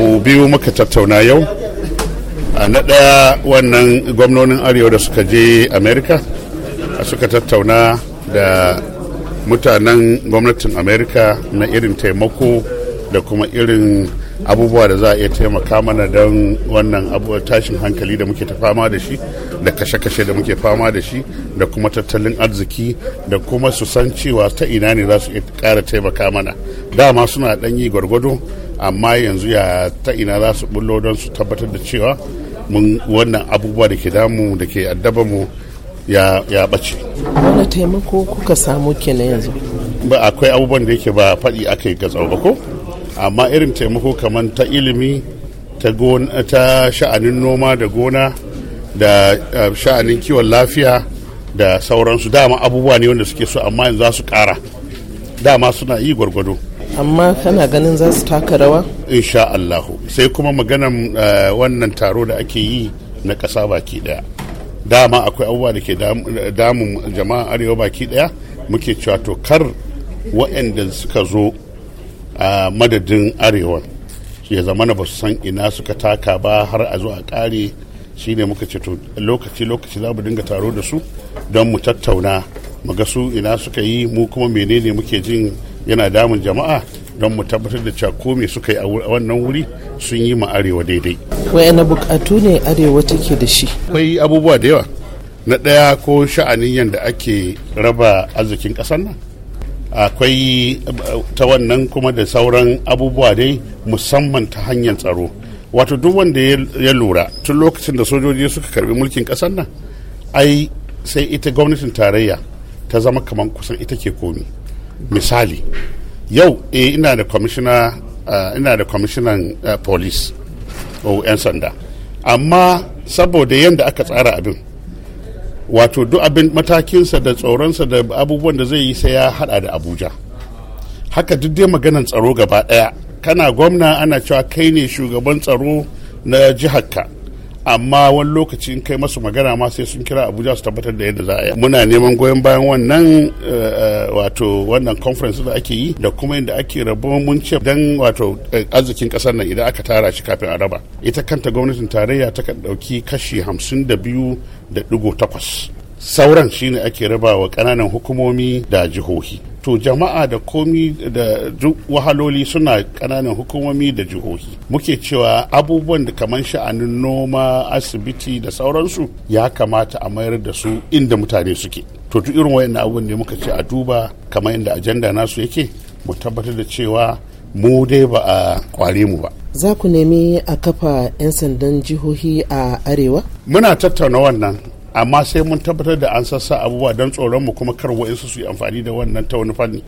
abu biyu muka tattauna yau na ɗaya wannan gwamnonin arewa da suka je amerika suka tattauna da mutanen gwamnatin amerika na irin taimako da kuma irin abubuwa da za a iya taimaka mana don wannan tashin hankali da muke ta fama da shi da kashe-kashe da muke fama da shi da kuma tattalin arziki da kuma su san cewa ta ina ne za su iya ƙara taimaka mana dama suna yi gwargwado amma yanzu ya ta ina za su bullo don su tabbatar da cewa mun wannan abubuwa da ke damu da ke addaba mu ya ya bace wani taimako kuka samu kenan yanzu ba akwai abubuwan da yake ba faɗi aka yi ga ba ko amma irin taimako kamar ta ilimi ta sha'anin noma da gona da eh, sha'anin kiwon lafiya da sauransu dama abubuwa ne wanda suke so amma yanzu za su kara dama suna yi gwargwado amma kana ganin za su taka rawa insha Allahu sai kuma maganan eh, wannan taro da ake yi na ƙasa baki daya dama akwai abubuwa da ke damun jama'a arewa baki daya muke cewa to kar waɗanda suka zo a madadin arewa ya zama na ba su san ina suka taka ba har a zo a kare shi ne muka ce lokaci lokaci za mu dinga taro da su don mu tattauna mu ga su ina suka yi mu kuma menene muke jin yana damun jama'a don mu tabbatar da cako me suka yi a wannan wuri sun yi ma arewa daidai na bukatu ne arewa take da shi akwai abubuwa da yawa na ɗaya ko sha'anin yadda ake raba arzikin ƙasar nan akwai ta wannan kuma da sauran abubuwa dai musamman ta hanyar tsaro wato duk wanda ya lura tun lokacin da sojoji suka karbi mulkin kasar nan ai sai ita gwamnatin tarayya ta zama kamar kusan ita ke komi misali yau eh, ina da kwamishina eh, ina da kwamishinan uh, police o oh, 'yan sanda amma saboda yadda aka tsara abin wato duk abin matakinsa da tsoronsa da abubuwan da zai yi sai ya hada da abuja haka duk dai maganan tsaro gaba daya kana gwamna ana cewa kai ne shugaban tsaro na jihar ka amma wani lokaci in kai masu magana ma sai sun kira abuja su tabbatar da yadda za a yi muna neman goyon bayan wannan eh, eh, wato wannan conference da ake yi da kuma yadda ake rabo mun ce dan wato eh, arzikin kasar nan idan aka tara shi kafin a raba ita kanta gwamnatin tarayya ta kan dauki kashi hamsin da biyu da digo takwas sauran shine ake rabawa ƙananan hukumomi da jihohi to jama'a da komi da wahaloli suna ƙananan hukumomi da jihohi muke cewa abubuwan da kamar sha'anin noma asibiti da sauransu ya kamata a mayar da su inda mutane suke to duk irin wayannan abubuwan ne muka ce a duba kamar inda ajanda nasu yake mu tabbatar da cewa mu dai ba a kware mu ba za ku nemi a kafa 'yan sandan jihohi a arewa muna tattauna wannan amma sai mun tabbatar da an sassa abubuwa don tsoron mu kuma kar wa'insu su yi amfani da wannan ta wani fanni